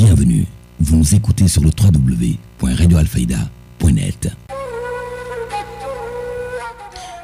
Bienvenue, vous nous écoutez sur le www.radioalfayda.net.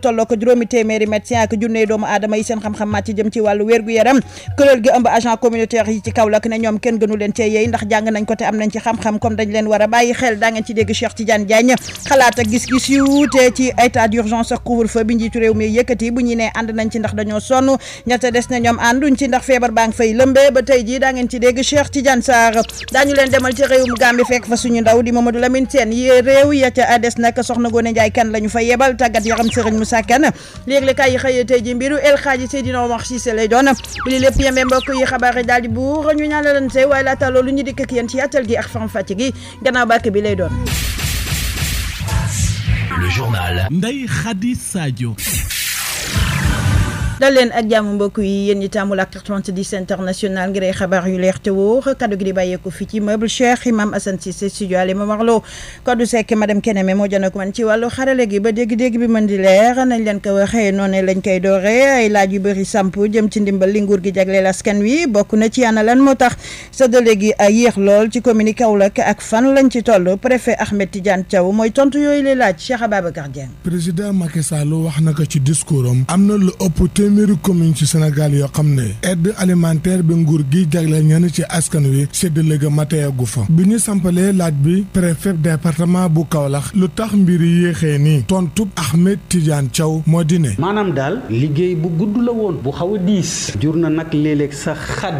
tolloo ko juróomi téeméeri médecin ak junne doomu aadama yi seen xam-xam màcc jëm ci wàllu wérgu yaram kuréel gi ëmb agent communautaire yi ci Kaolack ne ñoom kenn gënu leen cee yeey ndax jàng nañ ko te am nañ ci xam-xam comme dañ leen war a bàyyi xel daa ngeen ci dégg Cheikh Tidiane ci état d'urgence bu ñuy ne ànd nañ ci ndax dañoo sonn ñette des na ñoom ànduñ ci ndax baa ngi fay lëmbee ba tey jii daa ngeen ci dégg Cheikh Tidiane Sarr daañu leen demal ci réewum Gambie fekk fa suñu ndaw di Mamadou Lamine Sène yi réew ya ca des nag soxna Ngoné Ndiaye kan lañu fa yebal tàggat yaram sëriñ sàkkan yéeglekaay yi xëy tey ji mbiru El Hadji Seydina Omar Cissé lay doon bi li lépp yemee mbokk yi xabaar yi daal di buur ñu ñaan leen say waaye laata loolu ñu dikk ak ci yàttal gi ak fam gi gannaaw bàkk bi lay doon. Le journal dal leen ak jàmm mbokk yi yéen ñi tàmmul ak 3010 international ngir ay xabaar yu leer te wóor kaddu gi di bàyyeeku fii ci meuble Cheikh Imam Assane Cissé studio Alima Marlo kaddu sekk madame Keneme moo jana ko man ci wàllu xarale gi ba dégg-dégg bi mën di leer nañ leen ko waxee noonu lañ koy dooree ay laaj yu bëri samp jëm ci ndimbal li nguur gi jagleel askan wi bokk na ci ana lan moo tax séddale gi yéex lool ci commune Kaolack ak fan lañ ci toll préfet Ahmed Tidiane Thiaw mooy tontu yooyu lay laaj Cheikh Ababacar Dieng président Macky Sall wax na ko ci discours am am téeméeri commune ci Sénégal yoo xam ne aide alimentaire bi nguur gi jagleel ñenn ci askan wi séddale ga mateyagu fa bi ñu sampalee laaj bi préfet département bu Kaolack lu tax mbir yéexee nii tontub Ahmed Tidiane moo di maanaam daal liggéey bu gudd la woon bu xaw a diis jur na nag léeg-léeg sa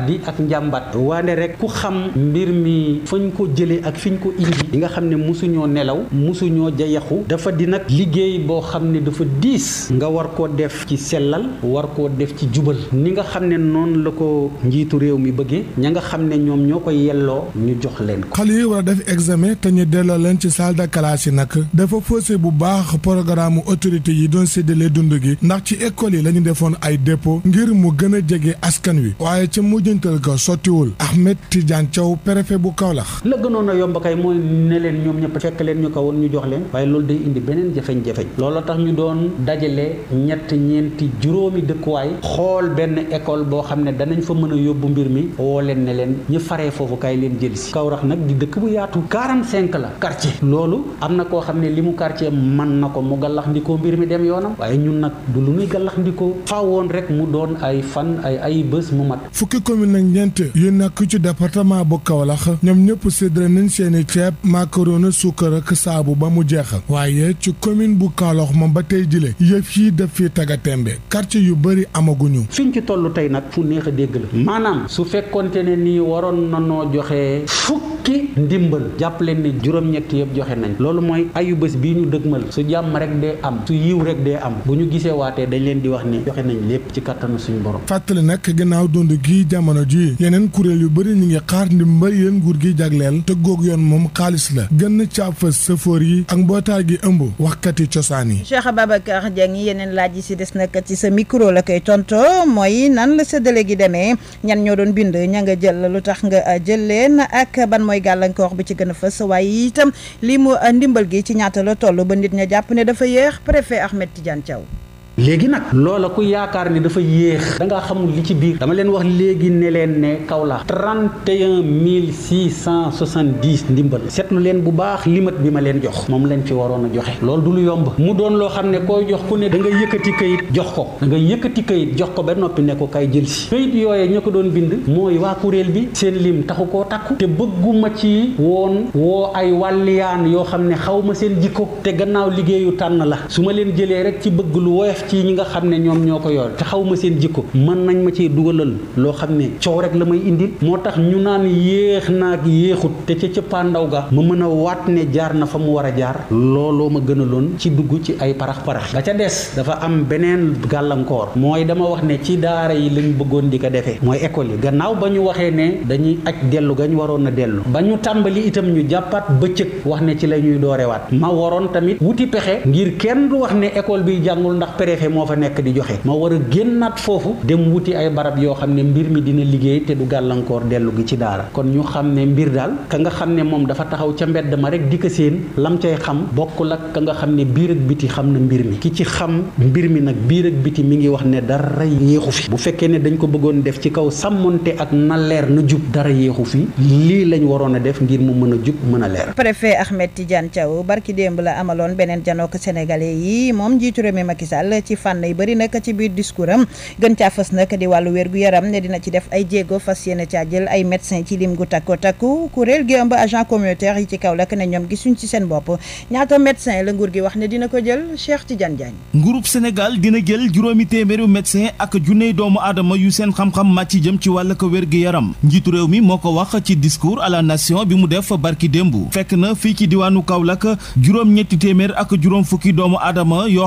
bi ak njàmbat waane rek ku xam mbir mi fañ ko jëlee ak fiñ ko indi yi nga xam ne mosuñoo nelaw mosuñoo jayaxu dafa di nag liggéey boo xam ne dafa diis nga war ko def ci sellal war koo def ci jubal ni nga la ko njiitu réew mi bëggee ña nga xam ne ñoom ñoo koy yelloo ñu jox leen ko xale yi war a def examen te ñu delloo leen ci salle de classe yi nag dafa faussé bu baax programme autorité yi doon séddale dund gi ndax ci école yi lañu defoon ay dépôt ngir mu gën a jege askan wi waaye ca mujjantal ko sottiwul Ahmed Tidiane Thiaw préfet bu Kaolack la gënoon a yomb kay mooy ne leen ñoom ñëpp fekk leen ñu ko woon ñu jox leen waaye loolu day indi beneen jafeñ-jafeñ looloo tax ñu doon dajale ñett ñeenti juróomi dëkkuwaay xool benn école boo xam ne danañ fa mën a yóbbu mbir mi woo leen ne leen ñu fare foofu kaay leen jël si Kaolack nag di dëkk bu yaatu 45 la quartier loolu am na koo xam ne li mu quartier man na ko mu gàllax ndikoo mbir mi dem yoonam waaye ñun nag du lu muy gàllax ndikoo woon rek mu doon ay fan ay ay bés mu mat fukki commune nag ñeent yu nekk ci département bu Kaolack ñoom ñëpp séddale nañ seeni ceeb macaroni suukar ak saabu ba mu jeexal waaye ci commune bu Kaolack moom ba tey jile yëf yu bëri amaguñu. fiñ ci toll tey nag fu neex a dégg la maanaam su fekkonte ne nii waroon na noo joxe fukki ndimbal jàpp leen ne juróom-ñett yëpp joxe nañ loolu mooy ayu bés bii ñu dëgmal su jàmm rek dee am su yiw rek dee am bu ñu gisee waatee dañ leen di wax ni joxe nañ lépp ci kattanu suñu borom. fàttali nag gannaaw dund gi jamono ji yeneen kuréel yu bëri ñu ngi xaar ndimbal yéen nguur gi jagleel te góog yoon moom xaalis la gën na fa sëfoor yi ak mbootaay gi ëmb waxkati cosaan yi. lool la koy tonto mooy nan la seddale gi demee ñan ñoo doon bind ña nga jël lu tax nga uh, jël leen ak ban mooy gàllankoor bi ci gën a fës waaye itam lii mu uh, ndimbal gi ci ñaata la toll ba nit ña jàpp ne dafa yéex préfet Ahmed Tidiane Thiaw léegi nag loola ku yaakaar ni dafa yéex da ngaa xamul li ci biir dama leen wax léegi ne leen ne Kaolack 31 670 ndimbal seetlu leen bu baax limat bi ma leen jox moom leen fi waroon a joxe loolu du lu yomb mu doon loo xam ne koy jox ku ne da nga yëkkati kayit jox ko da nga yëkkati kayit jox ko ba noppi ne ko kay jël si kayit yooye ña ko doon bind mooy waa kuréel bi seen lim taxu koo takku te bëgguma ci woon woo ay wàlliyaan yoo xam ne xaw ma seen jikko te gannaaw liggéeyu tànn la su ma leen jëlee rek ci bëgg def ci ñi nga xam ne ñoom ñoo ko yoon te xaw ma seen jikko man nañ ma cee dugalal loo xam ne coow rek la may indil moo tax ñu naan yéex naag yéexut te ca cëppaandaw ga ma mën a waat ne jaar na fa mu war a jaar looloo ma gënaloon ci dugg ci ay parax parax ba ca des dafa am beneen gàllankoor mooy dama wax ne ci daara yi lañ bëggoon di ko defee mooy école yi gannaaw ba ñu waxee ne dañuy aj dellu gañ waroon a dellu ba ñu tàmbali itam ñu jàppaat bëccëg wax ne ci la ñuy doorewaat ma école bi jàngul ndax préfet moo fa nekk di joxe ma war a génnaat foofu dem wuti ay barab yoo xam ne mbir mi dina liggéey te du gàllankoor dellu gi ci daara kon ñu xam ne mbir daal ka nga xam ne moom dafa taxaw ca mbedd ma rek di ko seen lam cay xam ak ka nga xam ne biir ak biti xam na mbir mi ki ci xam mbir mi nag biir ak biti mi ngi wax ne dara yéexu fi bu fekkee ne dañ ko bëggoon def ci kaw sàmmonte ak na leer na jub dara yéexu fi lii lañ waroon a def ngir mu mën a jub mën a leer. préfet Ahmed Tidiane Thiaw barki démb la amaloon ci fànn yu bëri nag ci biir discours am gën caa fës nag di wàllu wér gu yaram ne dina ci def ay jéego fas yéene caa jël ay médecin ci lim gu takko takku kuréel gi ëmb agent communautaire yi ci Kaolack ne ñoom gisuñ ci seen bopp ñaata médecin la nguur gi wax ne dina ko jël Cheikh Tidiane Diagne. nguurub Sénégal dina jël juróomi téeméeru médecin ak junney doomu aadama yu seen xam-xam màcc jëm ci wàll ko wér gu yaram njiitu réew mi moo ko wax ci discours à la bi mu def barki démb fekk na fii ci diwaanu Kaolack juróom-ñetti téeméer ak fukki doomu aadama yoo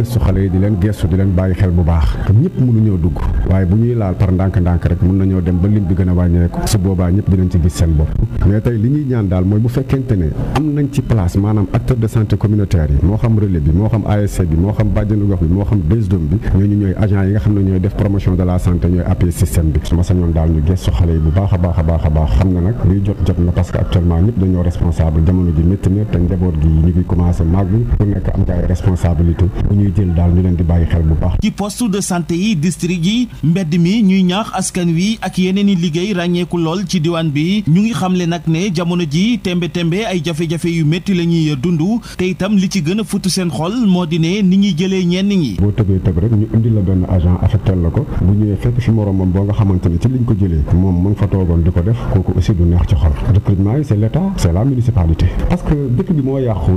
gëstu xale yi di leen gestu di leen bàyyi xel bu baax xam ñëpp mënuñoo dugg waaye bu ñuy laal par ndànk-ndànk rek mën nañoo dem ba lim bi gën a wàññeeku su boobaa ñëpp dinañ ci gis seen bopp mais tey li ñuy ñaan daal mooy bu fekkente ne am nañ ci place maanaam acteur de santé communautaire yi moo xam relais bi moo xam ASC bi moo xam bàjjenu gox bi moo xam DSDOM bi ñooñu ñooy agent yi nga xam ne ñooy def promotion de la santé ñooy appuyer système bi su ma sañoon a baax a a na nag luy na parce que actuellement ñëpp dañoo responsable jamono ji métti na commencé màgg ku nekk am itteel daal ñu leen di bàyyi xel bu baax. ci poste de santé yi district yi mbedd mi ñuy ñaax askan wi ak yeneen i liggéey ràññeeku lool ci diwaan bi ñu ngi xamle nag ne jamono ji tembe tembe ay jafe-jafe yu métti la ñuy dund te itam li ci gën a futu seen xol moo di ne ni ñuy jëlee ñenn ñi. boo tëbee tëb rek ñu indi la benn agent affecté la ko bu ñëwee fekk fi moromam boo nga xamante ci liñ ko jëlee moom mu fa toogoon di ko def kooku aussi du neex moo yàqu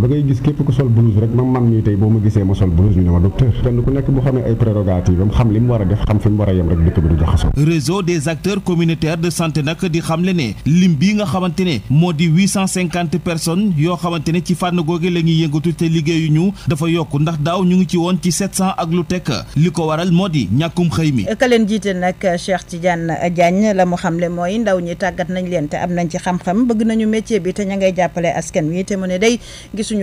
da ñoo docteur kenn ku nekk bu xamee ay prérogative am xam li mu war a def xam fi mu war a yem rek dëkk bi du réseau des acteurs communautaires de santé nag di xamle ne lim bii nga xamante ne moo di 850 personnes yoo xamante ne ci fànn googe la ñuy yëngatu te liggéeyu ñu dafa yokk ndax daaw ñu ngi ci woon ci 700 ak lu tekk li ko waral moo di ñàkkum xëy mi ka leen jiite nag Cheikh Tidiane Diagne la mu xamle mooy ndaw ñi tàggat nañ leen te am nañ ci xam-xam bëgg nañu métier bi te ña ngay jàppale askan wi te mu ne day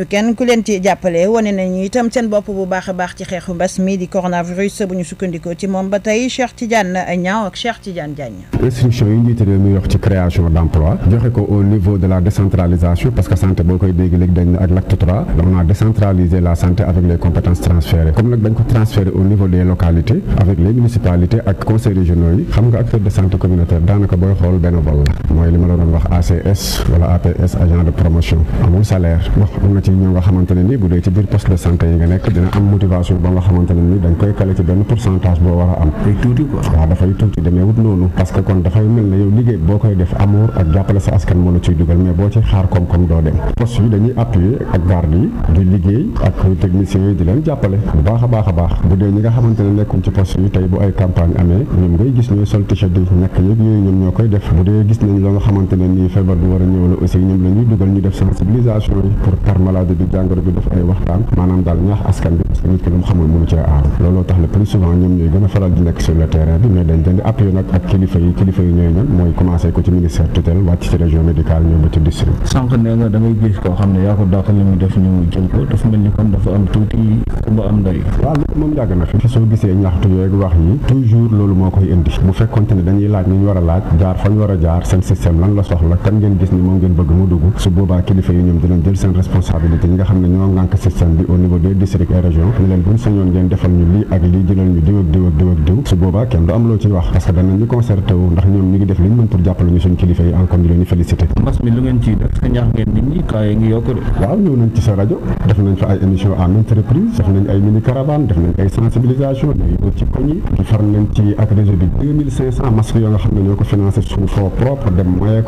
kenn ku leen ci jàppale wane nañu itam seen bopp bu baax a baax ci xeexu mbas mi di coronavirus bu ñu sukkandikoo ci moom ba tey Cheikh Tidiane Niang ak Cheikh Tidiane Diagne. instruction yi njiité réew mi wax ci création d' emploi joxe ko au niveau de la décentralisation parce que santé boo koy dégg léegi dañ ak l' acte 3 on a décentralisé la santé avec les compétences transférées comme nag dañ ko transféré au niveau des localités avec les municipalités ak conseils régionaux yi xam nga acteur de santé communautaire daanaka booy motivation ba nga xamante ne ni dañ koy kale ci benn pourcentage boo war a am. day tuuti quoi waaw dafay tuuti demeewut noonu. parce kon dafay mel ne yow liggéey boo koy def amour ak jàppale sa askan moo la ciy dugal mais boo ci xaar koom-koom doo dem poste yi dañuy appuyer ak garde yi di liggéey ak techniciens yi di leen jàppale baax a baax a baax bu dee ñi nga xamante ne nekkuñ ci poste yi tey bu ay campagne amee ñoom ngay gis ñooy sol t yi ñàkk yëpp yooyu ñoom a ñëw nit ki lu mu xamul mënu cee aaru looloo tax le plus souvent ñoom ñooy gën a faral di nekk sur le terrain bi mais dañ leen di nag ak kilifa yi ko ci ministère tutelle wàcc ci région médicale ñëw ba ci district moo koy a a jaar ñoom dinañ jël seen responsabilité ñi nga xam ne ñoo ngànk système bi au niveau des districts et régions ñu leen buñ sañoon ngeen defal ñu lii ak lii jëlal ñu diw ak diw ak diw ak diw su boobaa kenn du am loo ciy wax parce que danañu concerté wu ndax ñoom ñu ngi def li mën pour jàppale ñu suñu kilifa yi encore mi lu ngeen ngi yokk de waaw ñëw nañ ci sa rajo def nañ fa ay émission à maintes reprises nañ ay mini caravane def nañ ay sensibilisation dañu ci koñ yi far nañ ci ak réseau bi 2500 yoo nga xam ne ñoo ko financé suñu fonds propre dem maye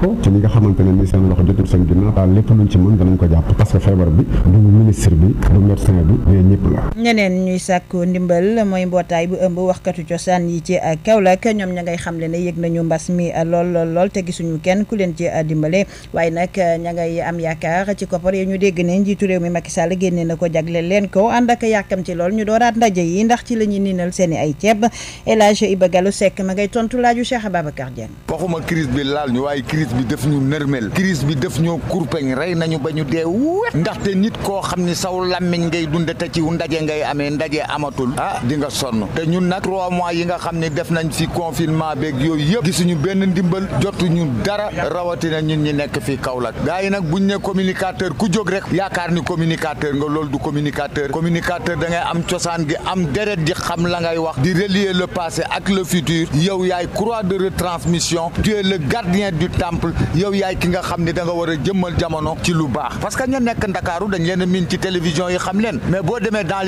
ñeneen ñuy sàkk ndimbal mooy mbootaay bu ëmb waxkatu cosaan yi ci Kaolack ñoom ña ngay xam xamle ne yëg nañu mbas mi lool lool lool te gisuñu kenn ku leen ci dimbale waaye nag ña ngay am yaakaar ci koppar yi ñu dégg ne njiitu réew mi Macky Sall génne na ko jagleel leen ko ànd ak yàkkam ci lool ñu dooraat ndaje yi ndax ci la ñuy ninal seen i ay ceeb El Hadj Iba Gallo Seck ma ngay tontu laaju Cheikh Ababacar Dieng. waxuma crise bi laal ñu waaye crise bi def ñu nërmel crise bi def ñoo kurpeñ rey nañu ba ñu dee wéet ndaxte nit koo xam ni saw làmmiñ ngay dund te ci ndaje ngay amee ndaje amatul a ah, di nga sonn te ñun nag trois mois yi nga xam ne def nañ fi confinement beeg yooyu yëpp gisuñu benn ndimbal jotuñu dara rawatina ñun ñi nekk fii Kaolack gaa yi nag ñu ne communicateur ku jóg rek yaakaar ni communicateur nga loolu du communicateur communicateur da ngay am cosaan gi am deret di xam la ngay wax di relier le passé ak le futur yow yaay croix de retransmission tu la le gardien du temple yow yaay ki nga xam ni da nga war a jëmmal jamono ci lu baax parce que ña nekk Ndakaaru dañ leen a miin ci télévision yi xam leen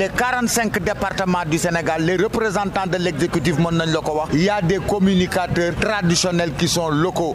les quarante cinq départements du Sénégal les représentants de l' exécutif mën nañ la ko wax y a des communicateurs traditionnels qui sont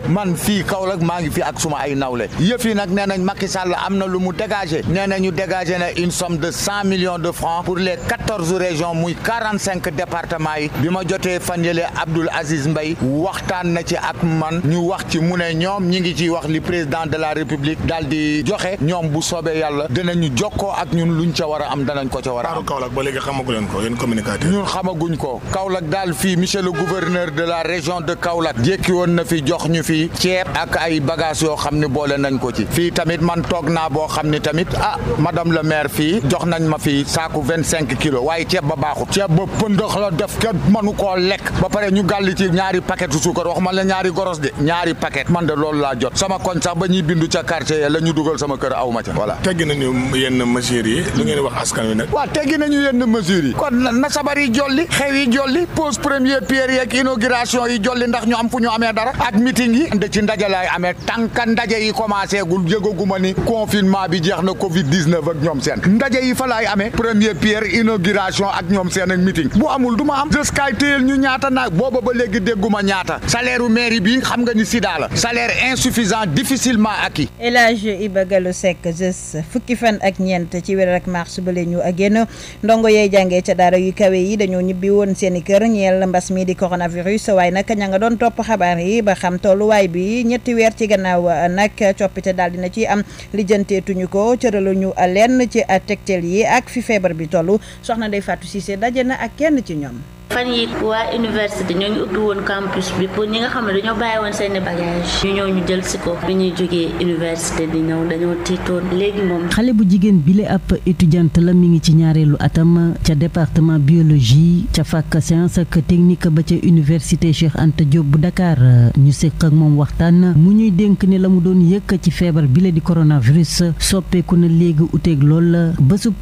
man fii Kaolack maa ngi fii ak suma ay nawle yëf yi nag nee nañ Macky Sall am na lu mu dégagé nee nañu dégagé na une somme de cent millions de francs pour les quatorze régions muy quarante cinq départements yi bi ma jotee fan yële Abdoul Aziz mbay waxtaan na ci ak man ñu wax ci mu ne ñoom ñi ngi ciy wax li président de la république daal di joxe ñoom bu soobee yàlla dinañu jokkoo ak ñun luñ ca war a am danañ ko ca war waaw Kaolack ba léegi xamagu leen ko yéen communicateur. ñun xamaguñ ko Kaolack daal fii monsieur le gouverneur de la région de Kaolack jékki woon na fi jox ñu fi ceeb ak ay bagages yoo xam ne boole nañ ko ci fii tamit man toog naa boo xam ne tamit a ah, madame le maire fii jox nañ ma fi saaku vingt cinq kilos waaye ceeb ba baaxut ceeb ba pëndëx la def kenn mënu ko lekk ba pare ñu gal ci ñaari paquet suukar wax ma la ñaari goros de ñaari paquet man de loolu laa jot sama koñ sax ba ñuy bindu ca quartier ya la dugal sama kër aw ma ca voilà teggi nañu yenn mesures yi lu ngeen teggi nañu yenn mesures yi kon na sabar yi jolli xew yi jolli pose première pierre yeeg inauguration yi jolli ndax ñu am fu ñu amee dara ak meeting yi nda ci ndaje laay amee tànka ndaje yi commencé gul yëgaguma ni confinement bi jeex na covid 19 ak ñoom seen ndaje yi fa laay amee première pierre inauguration ak ñoom seen ak meeting bu amul du ma am jëskaay téyel ñu ñaata naag booba ba léegi dégguma ñaata salaire u mairie bi xam nga ni sida la salaire insuffisant difficilement acquis El Hadj Iba Gallo Seck fukki fan ak ñeent ci weer ak mars ba la ñu génn ndongo yee jàngee ca daara yu kawe yi dañoo ñibbi woon seeni i kër ñeel mbas mi di coronavirus waaye nag ña nga doon topp xabaar yi ba xam tolluwaay bi ñetti weer ci gannaaw nag coppite daal na ci am lijjanteetuñu ko cëraluñu lenn ci tegteel yi ak fi feebar bi toll soxna Ndeye Fatou Cissé daje na ak kenn ci ñoom. fan yi waa université ñoo ñu ubbi woon campus bi pour ñi nga xam ne dañoo bàyyi woon seeni bagage ñu ñëw ñu ko bi ñuy jógee université di ñëw dañoo tiitoon léegi moom xale bu jigéen bile ab étudiante la mi ngi ci ñaareelu atam ca département biologie ca fac science ak technique ba ca université Cheikh Anta Diop bu Dakar ñu séq ak moom waxtaan mu ñuy dénk ni la mu doon yëkk ci feebar bile di coronavirus soppeeku na léegi uteeg lool bésub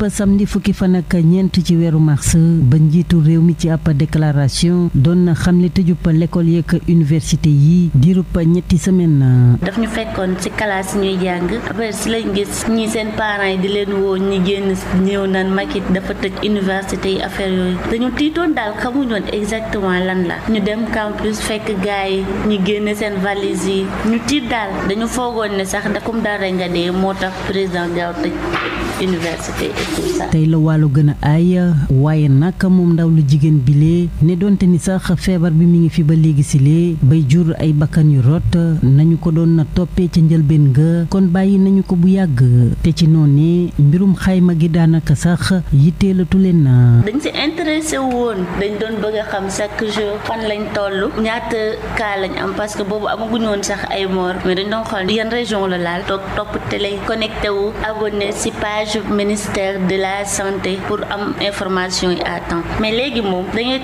fukki fan ñeent ci weeru mars ba njiitu réew mi ci ab déclaration doon na xam ne tëjub l'école yeeg université yi diirub ñetti semaine. daf ñu fekkoon ci classe ñuy jàng après si lañ gis ñi seen parents yi di leen woo ñi génn ñëw naan makit dafa tëj université yi affaire yooyu dañu tiitoon daal xamuñoon exactement lan la ñu dem campus fekk gars yi ñi génn seen valise yi ñu tiit daal dañu foogoon ne sax dakum daal rek nga dee moo tax président gaaw tëj université et tey la wàllu gën a aay waaye nag ndaw lu jigéen loolee ne donte ni sax feebar bi mu ngi fi ba léegi si lee bay jur ay bakkan yu rot nañu ko doon na toppee ca njëlbeen ga kon bàyyi nañu ko bu yàgg te ci noonu mbirum xayma gi daanaka sax yitteelatu leen na. dañ si intéressé woon dañ doon bëgg xam chaque jour fan lañ toll ñaata kaa lañ am parce que boobu amaguñu woon sax ay moor mais dañ doon xool yan région la laal topp télé connecté wu abonné si page ministère de la santé pour am information yi à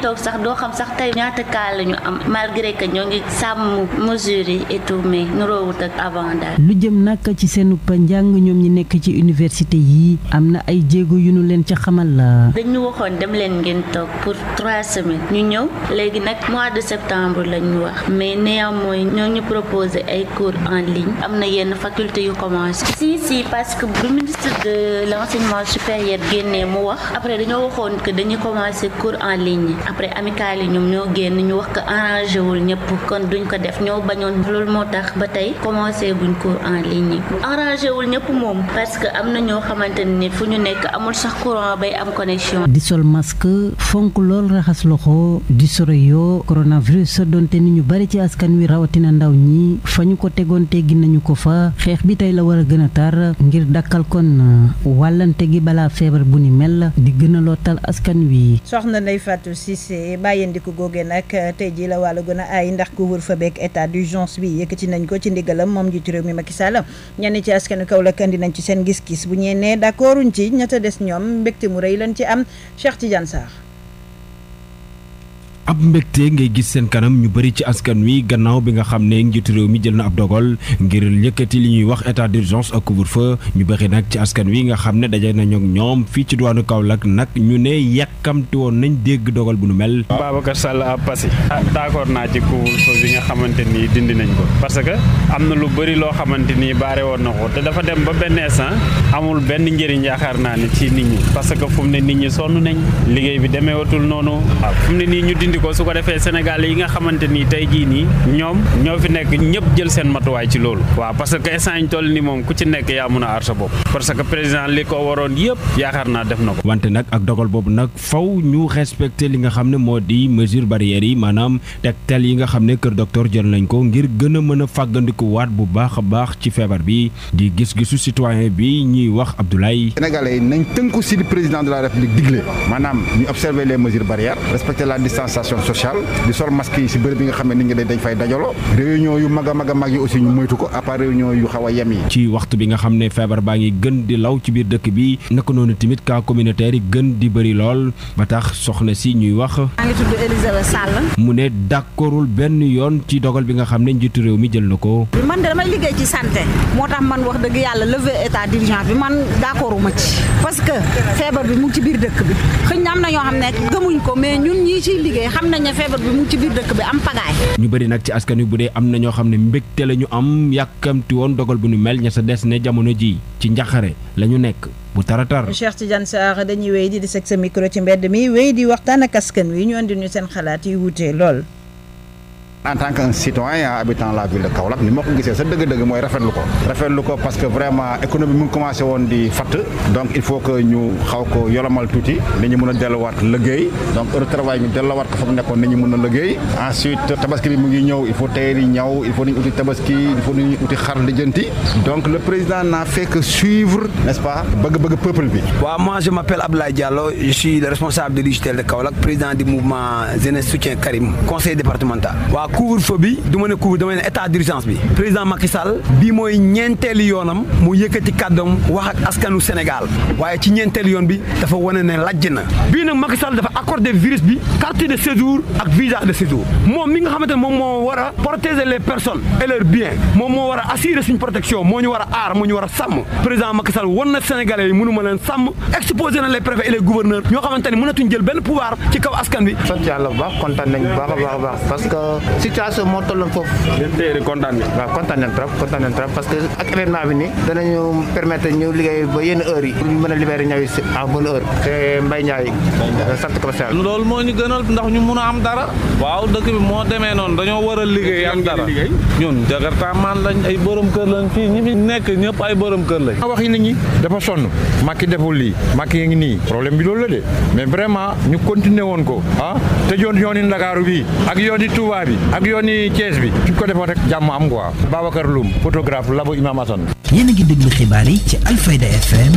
ngay sax doo xam sax tey ñaata cas la ñu am malgré que ñoo ngi sàmm mesures yi et tout mais nuroowut ak avant daal. lu jëm nag ci seen njàng ñoom ñi nekk ci université yii am na ay jéego yu ñu leen ca xamal la. dañu waxoon dem leen ngeen toog pour trois semaines ñu ñëw léegi nag mois de septembre lañu wax mais néanmoins ñoo ñu proposé ay cours en ligne am na yenn faculté yu commencé. si si parce que bu ministre de l' enseignement supérieur génnee mu wax après dañoo waxoon que dañu commencé cours en ligne après amicale yi ñoom ñoo génn ñu wax ko arrangé wul ñëpp kon duñ ko def ñoo bañoon loolu moo tax ba tey commencé buñ cours en ligne arrangé wul ñëpp moom parce que am na ñoo xamante ni fu ñu nekk amul sax courant bay am connexion. di sol masque fonk lool raxas loxo di sore yoo coronavirus donte ni ñu bari ci askan wi rawatina ndaw ñi fa ñu ko tegoon teggi nañu ko fa xeex bi tey la war a gën a tar ngir dakkal kon wàllante gi balaa feebar bu ni mel di gën askan wi. gisee bàyyandiku googee nag tey jii la wàllu gën a ay ndax couvre-feu beeg état d'urgence bi yëkkati nañ ko ci ndigalam moom njiitu réew mi Macky Sall ñenn ci askanu Kaolack andi nañ ci seen gis-gis bu ñee ne d'accorduñ ci ñetta des ñoom mbégte mu rëy lañ ci am Cheikh Tidiane Sarr ab mbégte ngay gis seen kanam ñu bari ci askan wi gannaaw bi nga xam ne njiitu réew mi jël na ab dogal ngir yëkkati li ñuy wax état d'urgence ak couvre-feu ñu bëri nag ci askan wi nga xam ne daje nañu ak ñoom fii ci diwaanu Kaolack nag ñu ne yàkkamti woon nañ dégg dogal bu nu mel. Babacar Sall a passé. ah d'accord naa ci couvre-feu bi nga xamante nii dindi nañ ko parce que am na lu bëri loo xamante ni baare woon na ko te dafa dem ba benn instant amul benn njëriñ yaakaar naa ne ci nit ñi parce que fu mu ne indi ko su ko defee Sénégal yi nga xamante ni tey jii nii ñoom ñoo fi nekk ñëpp jël seen matuwaay ci loolu waaw parce que instant ñu toll ni moom ku ci nekk yaa mun a aar sa bopp parce que président li ko waroon yëpp yaakaar naa def na ko wante nag ak dogal boobu nag faw ñu respecté li nga xam ne moo di mesure barrières yi maanaam tegtal yi nga xam ne kër docteur jël nañ ko ngir gën a mën a fàggandiku waat bu baax a baax ci feebar bi di gis-gisu citoyen bi ñuy wax Abdoulaye Sénégalais nañ tënku si président la république digle maanaam ñu observer les mesures barrières distanciation sociale di sol masque yi si bërëb bi nga xam ne nit ñi dañ fay dajaloo réunion yu mag a mag a mag yi aussi ñu moytu ko à part réunion yu xaw a yem yi ci waxtu bi nga xam ne feebar baa ngi gën di law ci biir dëkk bi naka noonu tamit cas communautaire yi gën di bëri lool ba tax soxna si ñuy wax maa mu ne d'accordul benn yoon ci dogal bi nga xam ne njiitu réew mi jël na ko man damay liggéey ci santé moo tax man wax dëgg yàlla lever état d'urgence bi man d'accorduma ci parce feebar bi mu ngi ci biir dëkk bi xëy na am na ñoo xam ne xam na ña feebar bi mu ci biir dëkk bi am pagaay ñu bëri nag ci askan wi bu dee am na ñoo xam ne mbégte la ñu am yàkkamti woon dogal bu nu mel ña sa des ne jamono ji ci njaxare la ñu nekk bu taratar Cheikh Tidiane Sarr dañuy wey di di seg sa micro ci mbedd mi wéy di waxtaan ak askan wi ñu andi ñu seen xalaat yi wutee lool en tant que citoyen habitant la ville de Kaolack ni ma ko gisee sa dëgg-dëgg mooy rafetlu ko rafetlu ko parce que vraiment économie mu ngi commencé woon di fatt donc il faut que ñu xaw ko yolomal tuuti ni ñu mën a delluwaat liggéey donc heure de travail ñu delluwaat ko fa nekkoon ni ñu mën a liggéey ensuite tabaski bi mu ngi ñëw il faut tey di ñaw il faut nañu uti tabaski il faut nañu uti xar lijjanti donc le président n'a fait suivre nest pas bëgg-bëgg peuple bi waaw moi je m'appelle Abdoulaye Diallo je suis le responsable de l'UJTL couvre-feu bi du ma ne couvre dama ne état d'urgence bi président Macky Sall bi mooy ñeenteelu yoonam mu yëkkati kàddoom wax askanu Sénégal waaye ci ñeenteelu yoon bi dafa wane ne lajj na bii nag Macky Sall dafa accordé virus bi carte de séjour ak visa de séjour moom mi nga xamante ne moom moo war a protéger les personnes et leurs moom moo war a assurer suñ protection moo ñu war a aar moo ñu war a sàmm président Macky Sall wan na Sénégalais yi mënu ma leen sàmm exposé na les préfets et a baax a baax parce que situation moo tolloon foofu. ngeen téye kontaan ngeen. waaw kontaan nañ trop kontaan nañ ñu liggéey ba yenn ñu mën a libérer ñaw yi si en bonne heure. te Mbaye Ndiaye. Euh, sant loolu moo ñu gënal ndax ñu mun a am dara. waaw dëkk bi moo demee noonu dañoo war a liggéey am dara ñun jakarta maan lañ ay borom kër lañ fii ñi fi nekk ñëpp ay borom kër lañ. wax yi nit ñi dafa sonn Macky deful lii Macky yi ngi nii problème bi loolu la de mais vraiment ñu continuer woon ko ah te yoon yooni Ndakaaru bi ak yooni Touba ak yooni Thiès bi suñ ko defoon rek jàmm am quoi Babacar Loum photographe labo Imam Assane gi a ngi déglu xibaar yi ci Alfayda FM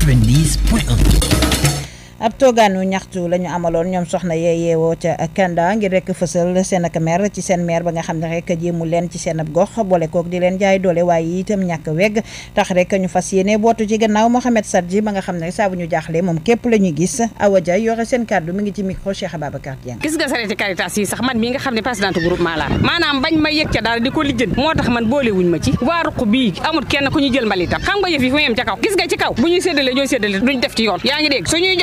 90 point 1 ab toogaanu ñaxtu la ñu amaloon ñoom soxna yee yeewoo ca Kanda ngir rek fësal seen ak mer ci seen mer ba nga xam ne rek jéemu leen ci seen ab gox boole kook di leen jaay doole ñàkk tax rek ñu fas yéene bootu ci gannaaw Mohamed Sadji ba nga xam ne saa ñu jaaxlee moom képp la gis a Dia yore seen kàddu mi ngi ci micro Cheikh Ababacar Dieng gis nga sareeti Caritas yi sax man mii nga xam ne présidente groupement laa maanaam bañ ma yëg ca daal di ko lijjën moo tax man boole ma ci waa ruq bii amul kenn ku ñu jël mbalitam xam nga yëf yi fu mu yem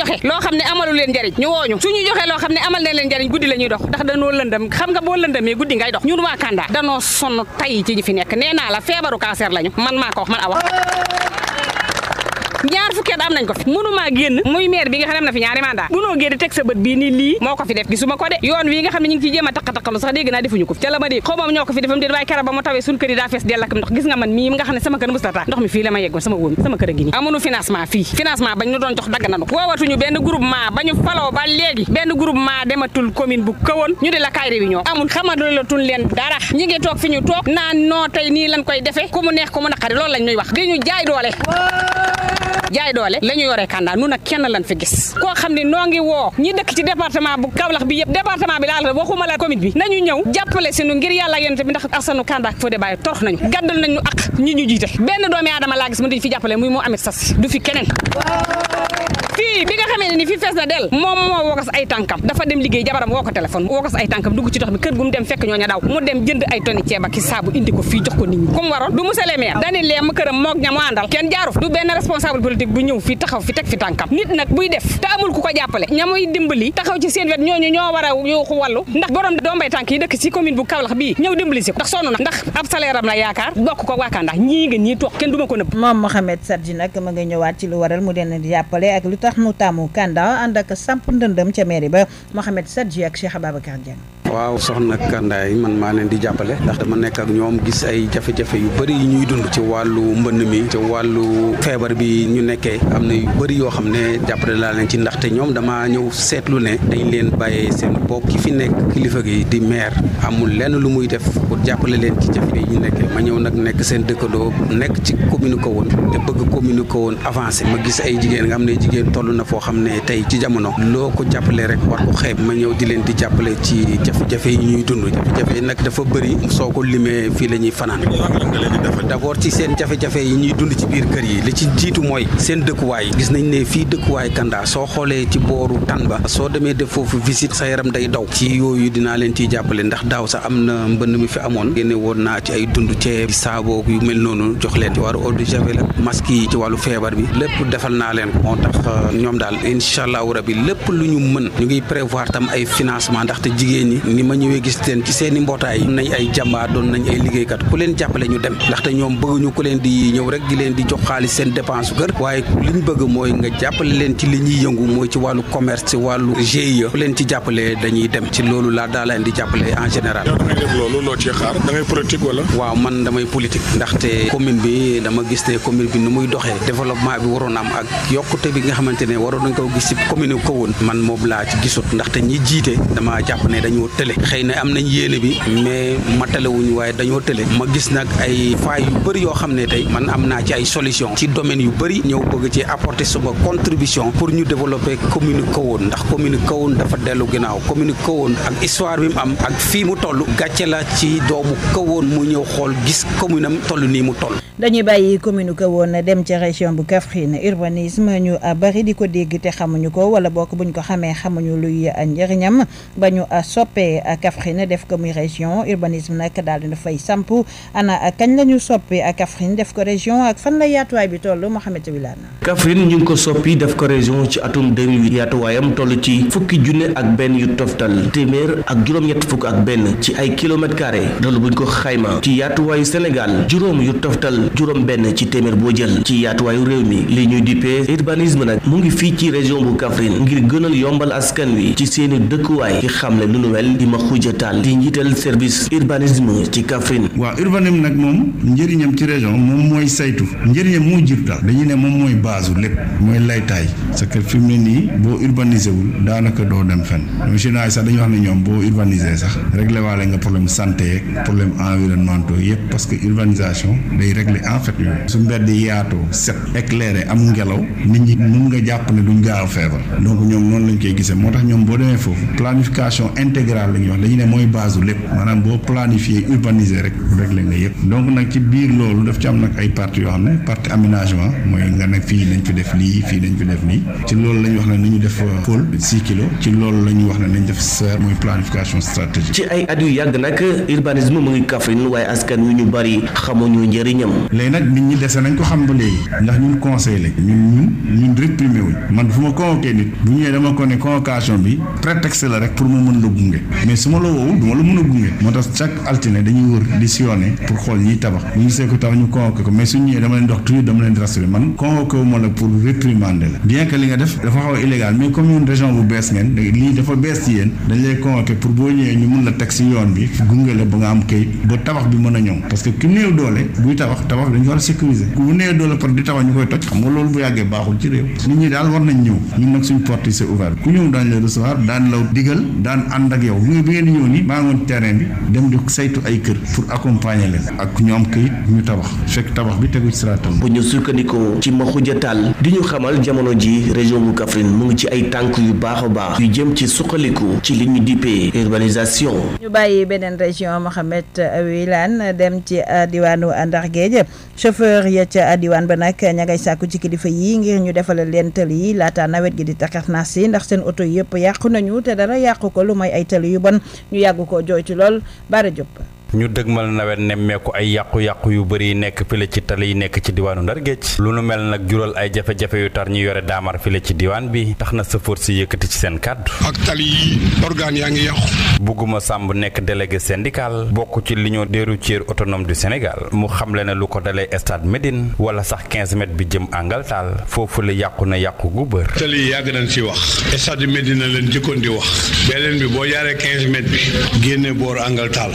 ca loo xam ne amalu leen njariñ ñu wooñu suñu joxee loo xam ne amal na leen njariñ guddi la ñuy dox ndax danoo lëndëm xam nga boo lëndëmee guddi ngay dox ñun waa Kanda danoo sonn tay ci ñi fi nekk nee naa la feebaru cancer lañu man maa ko wax man awa ñaar fukki at am nañ ko fi mënumaa génn muy maire bi nga xam ne am na fi ñaari mandat bunoo génn teg sa bii ni lii moo ko fi def gisuma ko de yoon wi nga xam ne ñu nga xam ne sama kër mës ndox mi fii la ma yeggoon sama wóom sama kër a ngi nii amuñu financement fii financement bañ ñu doon jox dagg nanu woowatuñu benn groupement ba ñu faloo ba léegi benn groupement dematul commune bu kawoon ñu di la kaay réunion amul xamandu la tun leen dara ñi ñu wax di jaay doole la ñu yoree Kanda nu nag kenn lan fi gis koo xam ne noo ngi woo ñi dëkk ci département bu Kaolack bi yëpp département bi laal waxuma la commune bi nañu ñëw jàppale sinu ngir yàlla yonent bi ndax askanu Kanda ak Fodé Baye torox nañu gàddal nañu ak ñi ñu jiite benn doomi aadama laa gis mu diñ fi jàppale muy moo amit sas du fi keneen fii bi nga xamee ni fii fees na del moom moo wokas ay tànkam dafa dem liggéey jabaram woo ko téléphone politique bu ñëw fi taxaw fi teg fi tànkam nit nag buy def te amul ku ko jàppale ñamuy dimbali taxaw ci seen wet ñooñu ñoo war a yuuxu wàllu ndax borom doombay tànk yi dëkk ci commune bu Kaolack bii ñëw dimbali si ko ndax sonn na ndax ab salaire la yaakaar bokk ko waakaa ndax ñii nga ñii toog kenn du ma ko nëbb moom Mohamed Sadji nag ma nga ñëwaat ci lu waral mu den jàppale ak lu tax mu taamu Kanda ànd ak samp ndëndëm ca mairie ba Mohamed Sadji ak Cheikh Ababacar waaw soxna Kandaay man maa leen di jàppale ndax dama nekk ak ñoom gis ay jafe-jafe yu bëri yu ñuy dund ci wàllu mbënn mi ci wàllu feebar bi ñu nekkee am na yu bëri yoo xam ne jàppale laa leen ci ndaxte ñoom dama ñëw seetlu ne dañ leen bàyyee seen bopp ki fi nekk kilifa gi di maire amul lenn lu muy def pour jàppale leen ci ñu nekkee ma ñëw nag nekk seen dëkkandoo nekk ci commune Kahone te bëgg commune Kahone avancé ma gis ay jigéen nga am ne jigéen toll na foo xam ne tey ci jamono loo ko jàppale rek war ko xeeb ma ñëw di leen di jàppale ci jaf jafe yi ñuy dund jafe-jafe yi nag dafa bëri soo ko limee fii la ñuy fanaan d'abord ci seen jafe-jafe yi ñuy dund ci biir kër yi li ci jiitu mooy seen dëkkuwaay gis nañ ne fii dëkkuwaay Kanda soo xoolee ci booru tan ba soo demee def foofu visit sa yaram day daw ci yooyu dinaa leen ciy jàppale ndax daaw sax am na mbënn mi fi amoon génne woon naa ci ay dund ceeb saaboo yu mel noonu jox leen ci wàllu eau de javel ak masque yi ci wàllu feebar bi lépp defal naa leen ko moo tax euh, ni ma ñëwee gis leen ci seen i mbootaay doon nañ ay jàmbaar doon nañ ay liggéeykat ku leen jàppale ñu dem ndaxte ñoom bëgguñu ku leen di ñëw rek di leen di jox xaalis seen dépense kër waaye li ñu bëgg mooy nga leen ci li ñuy yëngu mooy ci wàllu commerce ci wàllu GIE ku leen ci jàppale dañuy dem ci loolu laa daa leen di jàppale en général waaw man damay politique ndaxte commune bi dama gis ne commune bi nu muy doxee développement bi waroon am ak yokkute bi nga xamante ne waroon nañ ko gis ci commune ko woon man moom laa ci gisut ndaxte ñi tële xëy na am nañ yéene bi mais matale wuñu waaye dañoo tële ma gis nag ay faay yu bëri yoo xam ne tey man am naa ci ay solution ci domaine yu bëri ñëw bëgg ci apporter sama contribution pour ñu développer commune Kahone ndax commune Kahone dafa dellu ginnaaw commune Kahone ak histoire bi mu am ak fii mu tollu gàcce la ci doomu Kahone mu ñëw xool gis commune am toll nii mu toll dañuy bàyyi commune ko woon dem ci région bu Kaffrine urbanisme ñu bari di ko dégg te xamuñu ko wala bokk buñ ko xamee xamuñu luy njëriñam ba ñu soppee Kaffrine def ko muy région urbanisme nag daal dina fay samp ana kañ lañu ñu soppi Kaffrine def ko région ak fan la yaatuwaay bi toll Mouhamed Wilane. Kaffrine ñu ko soppi def ko région ci atum 2008 yaatuwaayam toll ci fukki junne ak benn yu ak juróom fukk ak benn ci ay kilomètres carrés loolu buñ ko xayma ci yaatuwaayu Sénégal juróom yu toftal juróom benn ci téeméer boo jël ci yaatuwaayu réew mi li ñuy dippee urbanisme nag mu ngi fii ci région bu Kaffrine ngir gënal yombal askan bi ci seeni dëkkuwaay xam xamle lu nu wel di ma xujataal di njiital service urbanisme ci Kaffrine waaw urbanisme nag moom njëriñam ci région moom mooy saytu njëriñam moo jur daal dañuy ne moom mooy baasu lépp mooy laytaay parce que fi mu ne nii boo urbanisé wul daanaka doo dem fenn chinois yi sax dañu wax ne ñoom boo urbanisé sax réglé waale nga problème santé problème environnementaux yëpp parce que urbanisation éclairé en fait su mbedd yaatoo set éclairé am ngelaw nit ñi mun nga jàpp ne duñ gaaw a feebar donc ñoom noonu lañ koy gisee moo tax ñoom boo demee foofu planification intégrale la ñuy wax dañu ne mooy base lépp maanaam boo planifier urbaniser rek réglé nga yëpp donc nag ci biir loolu daf ci am nag ay parties yoo xam ne partie aménagement mooy nga ne fii nañ fi def lii fii nañ fi def lii ci loolu la wax ne nañu def euh, pôle six kilos ci loolu la ñu wax ne nañ def serre mooy planification stratégique ci ay at yu yàgg nag urbanisme mu ngi Kaffrine waaye askan wi ñu bari xamuñu njëriñam léegi nag nit ñi dese nañ ko xam ba léegi ndax ñun conseil lañ ñun ñun ñun réprimer wuñ man fu ma convoqué nit bu ñëwee dama ko ne convocation bi prétexte la rek pour ma mën la gunge mais su ma la woowul du ma a gunge moo tax chaque altine dañuy wër di sillonné pour xool ñiy tabax bu ñu see ko tax ñu convoqué ko dama leen dox toujours dama leen di rassuré man convoqué wu la pour réprimander la bien que li nga def dafa xaw a illégal mais comme ñun région bu bees ngeen lii dafa bees ci dañ lay convoqué pour boo ñëwee ñu mun la teg si yoon bi gunge la ba nga am kayit ba tabax bi mën a ñëw parce que ki néew doole buy tabax tabax bi dañu war a sécuriser bu néewee doole pare di tabax ñu koy toj xam nga loolu bu yàggee baaxul ci réew nit ñi daal war nañ ñun nag suñ porte yi c'est ku ñëw daañu la daan la digal daan ànd ak yow bi nga bi ngeen di ñëw ni maa ngoon terrain bi dem di saytu ay kër pour accompagner leen ak ñu am këyit ñu tabax fekk tabax bi tegu ci siraatal bu ñu sukkandikoo ci ma xujataal di ñu xamal jamono ji région bu Kaffrine mu ngi ci ay tànk yu baax baax yu jëm ci li ñu dippee urbanisation ñu bàyyi beneen région Mohamed Wilane dem ci diwaanu boobule chauffeur ya ca diwaan ba nag ña ngay sàkku ci kilifa yi ngir ñu defalal leen tali yi laata nawet gi di takarnas yi ndax seen oto yëpp yàqu nañu te dara yàqu ko lu may ay tali yu bon ñu yàggu ko jooy ci lool Bara Diop ñu dëgmal nawet nemmeeku ay yàqu-yàqu yu bëri yi nekk file ci tali yi nekk ci diwaanu Ndar Géej lu nu mel nag jural ay jafe-jafe yu tar ñu yore daamar file ci diwaan bi tax na sëfoor si yëkkati ci seen kàddu. ak tali yi organes yaa ngi yàqu. Bougouma Samb nekk délégué syndical bokk ci li l'union des routiers otonom du Sénégal mu xamle ne lu ko dalee stade Médine wala sax 15 bi jëm Angaltal foofu la yàqu na yàqu gu bër. tali yi yàgg nañ ci wax stade Médine leen jëkkoon di wax beneen bi boo jaaree 15 mètres bi génne boor Angaltal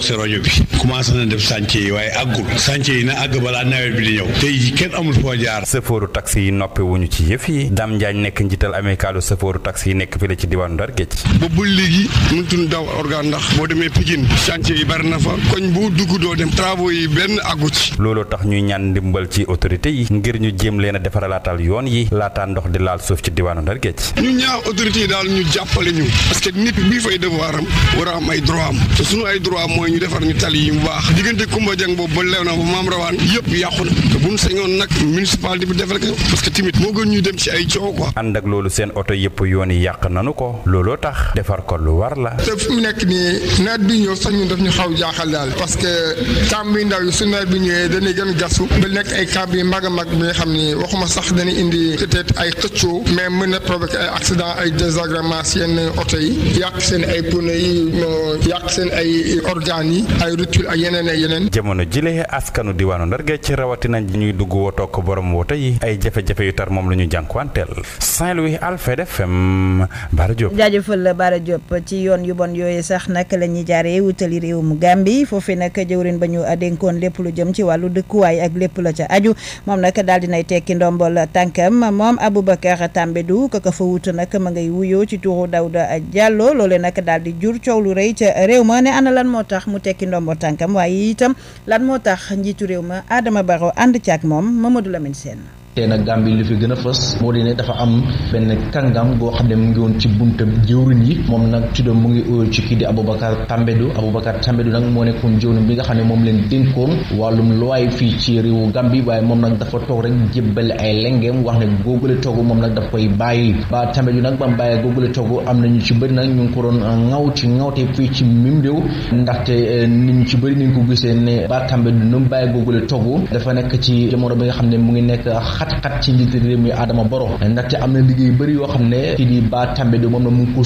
wax si rajo bi commencé na def chantier yi waaye àggul chantier yi na àgg balaa nawet bi di ñëw tey ji kenn amul foo jaar sëfooru taxi yi noppi ci yëf yi Dame Diagne nekk njiital amicaalu sëfooru taxi yi nekk fële ci diwaanu Ndar géej boobu léegi daw organe ndax boo demee Pikine chantier yi bari na fa koñ bu dugg doo dem travaux yi benn àggu ci looloo tax ñuy ñaan ndimbal ci autorité yi ngir ñu jéem leen a defaralaatal yoon yi laataa ndox di laal suuf ci yi daal ñu jàppale ñu parce que nit bii fay devoir am war a mooy ñu defar ñu tali yi bu baax diggante Koumba Dieng boobu ba lew na ba maam rawaan yëpp yàqu na te buñ sañoon nag municipal bi defal ko parce que tamit moo gën ñu dem ci ay coow ko looloo parce que kàmb ndaw yi su nawet bi ñëwee dañuy gasu ba nekk ay kàmb yu mag a xam ni waxuma sax dañuy indi peut ay xëccoo mais mën na provoquer ay accident ay désagréments yenn oto yi yàq seen ay pneu yi yàq seen ay organes alxuraan yi ay rituel ak yeneen ak yeneen jamono jile askanu diwaanu Ndar Géej rawatina ñuy dugg woto ko borom woto yi ay jafe-jafe yu tar moom la ñu jànkuwanteel la Bara Diop ci yoon yu bon yooyu sax nag la ñuy jaaree réew mu Gambie foofu nag jëwrin ba ñu dénkoon lépp lu jëm ci wàllu dëkkuwaay ak lépp la ca aju moom nag daal dinay tekki ndombol tànkam moom Aboubacar Tambédou kaka fa wut nag ma ngay wuyoo ci tuuru Dawda Diallo loole nag daal jur coow lu rëy ca réew ma ne ana moo tax mu tekki ndombo tànkam waaye itam lan moo tax njiitu réew ma aadama Barrow ànd ci ak moom a Lamine seen tey nag Gambie lu fi gën a fës moo di ne mu ngi woon ci buntam jëwrin yi moom nag tuddam mu ngi óoyu ci kii di bi nga xam ne moom leen dénkoon wàllum luwaay fii ci réewu Gambie waaye moom nag dafa toog rek jébbale ay lengeem wax ne góogale toogu moom nag daf koy bàyyi ba Tambedou nag ba mu bàyyee góogale toogu am na ñu ci bëri nag ñu ngi ko doon ŋaw ci ŋawte fii ci mim réew ndaxte eh, nit ñu ci bëri nañ ko gisee ne ba Tambedou nu mu bàyyee góogale toogu dafa nekk ci jamono bi nga xam ne mu ngi nekk xat xat-xat mi Adama Barrow ndaxte am na liggéey bëri yoo xam ne kii di Bah Tambadou moom la mu ngi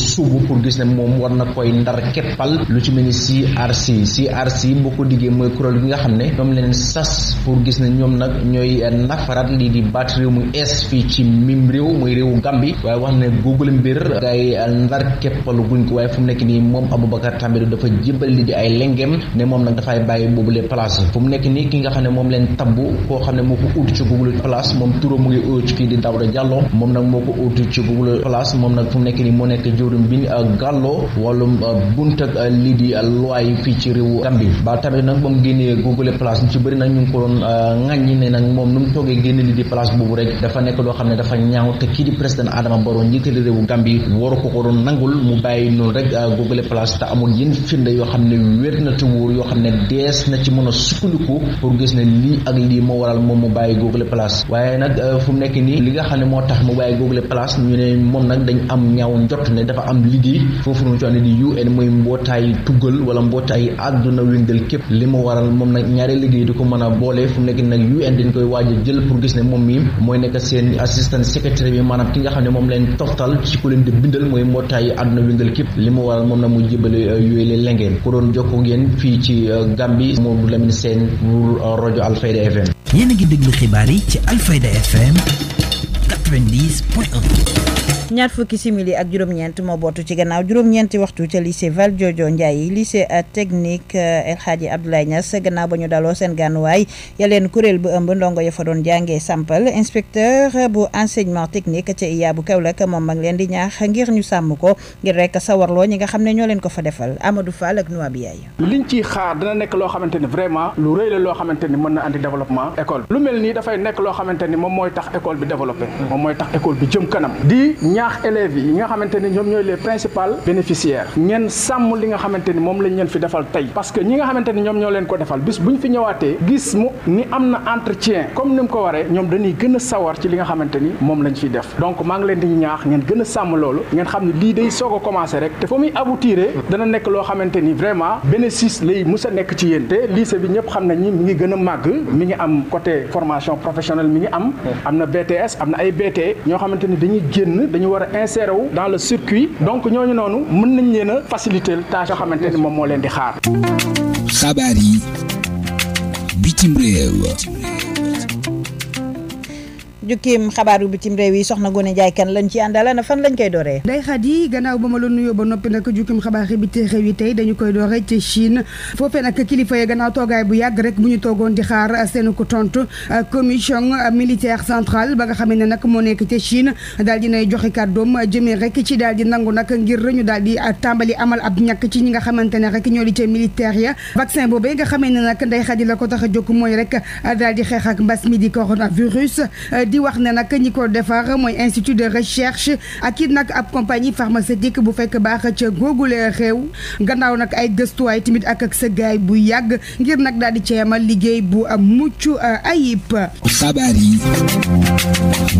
pour gis ne moom war na koy ndar keppal lu ci mel ni CRC CRC boo ko liggéey mooy kuréel gi nga xam ne ñoom leen sas pour gis ne ñoom nag ñooy nafaraat lii di baat réew mu ees fii ci mim réew muy réewu Gambie waaye wax ne google mbir gaay ndar keppalu guñ ko waaye fu mu nekk nii moom Aboubacar Tambadou dafa jébbal lii di ay lengeem ne moom nag dafay bàyyi boobule place fu mu nekk nii ki nga xam ne moom leen tabbu koo xam ne moo ko ut ci google place moom turam mu ngi ut kii moom moo ci boobu place moom nag fu mu nekk nii moo nekk jëwriñ bi gàlloo wàllum uh, bunt ak uh, lii di uh, loi fii ci réewu Gambie ba tamit nag ba mu génnee google place mu ci bëri nag ñu ngi ko doon ŋàññi ne nag moom nu mu toogee génne lii di place boobu rek dafa nekk loo xam ne dafa ñaaw te kii di président Adama Barrow njiitali réewu Gambie waru ko ko doon nangul mu bàyyi noonu rek google place te amul yenn firnde yoo xam ne wér na te wóor yoo xam ne dees na ci mën a sukkandiku pour gis ne lii ak lii moo waral moom mu bàyyi google place waaye waaye nag euh, fu mu nekk nii li nga xam ne moo tax mu bàyyi google place ñu ne moom nag dañ am ñaaw njot ne dafa am liggéey foofu noonu ci wax ne di UN mooy mbootaay tuggal wala mbootaay àdduna wéndal képp li mu waral moom nag ñaari liggéey di ko mën a boole fu mu nekk nag UN dañ koy waaj jël pour gis ne moom mi mooy nekk seen assistant secrétaire bi maanaam ki nga xam ne moom leen toftal ci ku leen di mooy mbootaay àdduna wéndal képp li mu waral moom nag mu jébale euh, yooyu leen lengeen ku doon ko ngeen fii ci euh, Gambie moom Lamine Sène pour rajo Alfayda yéen a ngi déglu xibaar yi ci Alfayda FM 90 point 1 ñaar fukki simili ak juróom-ñeent moo bootu ci gannaaw juróom-ñeenti waxtu ca lycée Valdiodio Ndiaye lycée euh, technique euh, El Hadji Abdoulaye Niass gannaaw ba ñu daloo seen gànnuwaay ya leen kuréel bu ëmb ndongo ya fa doon jàngee sampal inspecteur bu enseignement technique ca iya bu Kaolack moom mag leen di ñaax ngir ñu sàmm ko ngir rek sawarloo ñi nga xam ne ñoo leen ko fa defal Amadou Fall ak Noa Biaye liñ ciy xaar dana nekk loo xamante ni vraiment lu rëy loo xamante ni mën na andi développement école bi lu mel loo xamante ni moom mooy tax école bi développé moom mooy tax bi jëm kanam ñaax élèves yi nga xamante ni ñoom ñooy les principal bénéficiaires ngeen sàmm li nga xamante ni moom lañ leen fi defal tey parce que ñi nga xamante ni ñoom ñoo leen ko defal bis bu ñu fi ñëwaatee gis mu ni am na entretien comme ni mu ko waree ñoom dañuy gën a sawar ci li nga xamante ni moom lañu fiy def donc maa ngi leen di ñaax ngeen gën a sàmm loolu ngeen xam ne lii day soog a commencé rek te fa muy aboutir dana nekk loo xamante ni vraiment bénéfice lay mus a nekk ci yéen te bi ñëpp xam nañ ni mi gën a màgg mi ngi am côté formation professionnelle mi ngi am am na BTS am na ay BT ñoo xamante ni dañuy génn dañu war a insérer wu dans le circuit donc ñooñu noonu mën nañ leen a faciliter tâche yoo xamante ni moom moo leen di xaar. xabaar yi bitim réew. jukkiim xabaaru bitim réew yi soxna Gone Njaay kan lañ ci àndala na fan lañ koy dooree day xat yi gannaaw ba ma la nuyoo ba noppi nag jukkiim xabaar yi bitim réew yi tey dañu koy dooree ci Chine foofee nag kilifa yi gannaaw toogaay bu yàgg rek bu ñu toogoon di xaar seen ko tontu commission militaire centrale ba nga xam ne nag moo nekk ca Chine daal di nay joxe kàddoom jëmee rek ci daal di nangu nag ngir ñu daal di tàmbali amal ab ñàkk ci ñi nga xamante ne rek ñoo di ca militaire ya vaccin boobee nga xamee ne nag nday xat yi la ko tax a mooy rek daal ak mbas mi di coronavirus di wax ne nag ñi ko defar mooy institut de recherche ak it nag ab compagnie pharmaceutique bu fekk baax ca googule réew gannaaw nag ay gëstuwaay tamit ak ak sa gaay yàgg ngir nag daal di ceemal liggéey bu mucc ayib. xabaar yi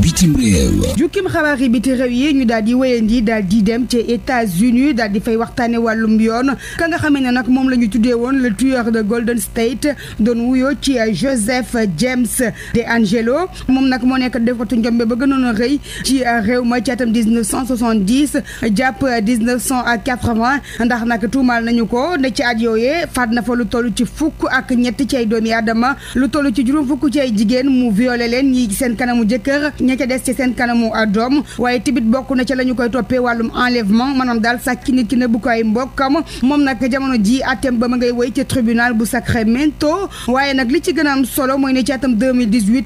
bitim réew. jukkim xabaar yi bitim réew yi ñu daal di wéyandi daal di dem ci États-Unis daal di fay waxtaane wàllum yoon ka nga xamee ne nag moom la ñu tuddee woon le tueur de Golden State doon wuyoo ci Joseph James De Angelo moom nag moo nekk defatu njombe ba gënoon a rëy ci euh, réew ma ci atam 1970 jàpp 1980 ndax nag tuumaal nañu ko ne ci at yooyee faat na fa lu toll ci fukk ak ñett ci ay fukk mu violé leen ñi seen kanamu jëkkër ña ca des ci seen kanamu euh, doom waaye tamit bokk na ci la koy toppee wàllum enlèvement maanaam daal sàcc nit ki ne bu ko ay mbokkam moom nag jamono ji atem ba ma ngay woy ci tribunal bu Sacramento waaye nag li ci gën am solo mooy ne ci atam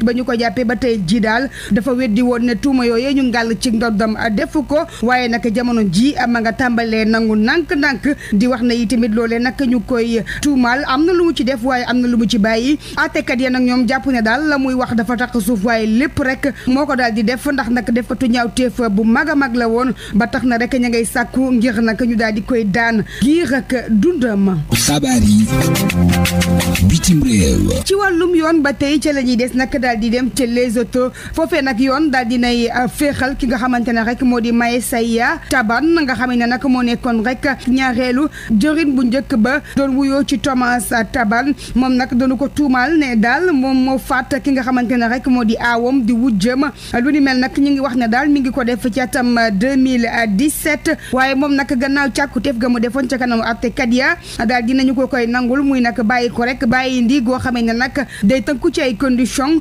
ba ñu ko jàppee ba tey jii daal dafa weddi woon ne tuuma yooyee ñu ngàll ci ndoddam ah, defu ko waaye nag jamono ji ah, ma nga tàmbalee nangu ndànk-ndànk di wax ne itamit loolee nag ñu koy tuumaal am na lu mu ci def waaye am na lu mu ci bàyyi àttekat ya nag ñoom jàpp ne daal la muy wax dafa tax suuf waaye lépp rek moo ko daal di def fa ndax nag defatu ñaawteef bu mag a mag la woon ba tax na rek ña ngay sàkku ngir nag ñu daal di koy daan giir ak dundam. xabaar yi bitim réew. ci wàllum yoon foofee nag yoon daal dinay euh, féexal ki nga xamante ne rek moo di maye saya taban nga xam ne nag moo nekkoon rek ñaareelu jërin bu njëkk ba doon wuyoo ci Thomas taban moom nag doonu ko tuumaal ne daal moom moo faat ki nga xamante ne rek moo di aawam di wujjëm lu ni mel nag ñu ngi wax ne daal mu ngi ko def ci atam 2017 waaye moom nag gannaaw càkku càkkuteef ga mu defoon ca kanamu àttekat ya daal ñu ko koy nangul muy nag bàyyi ko rek bàyyi ndi goo xamee ne nag day tënku ci ay condition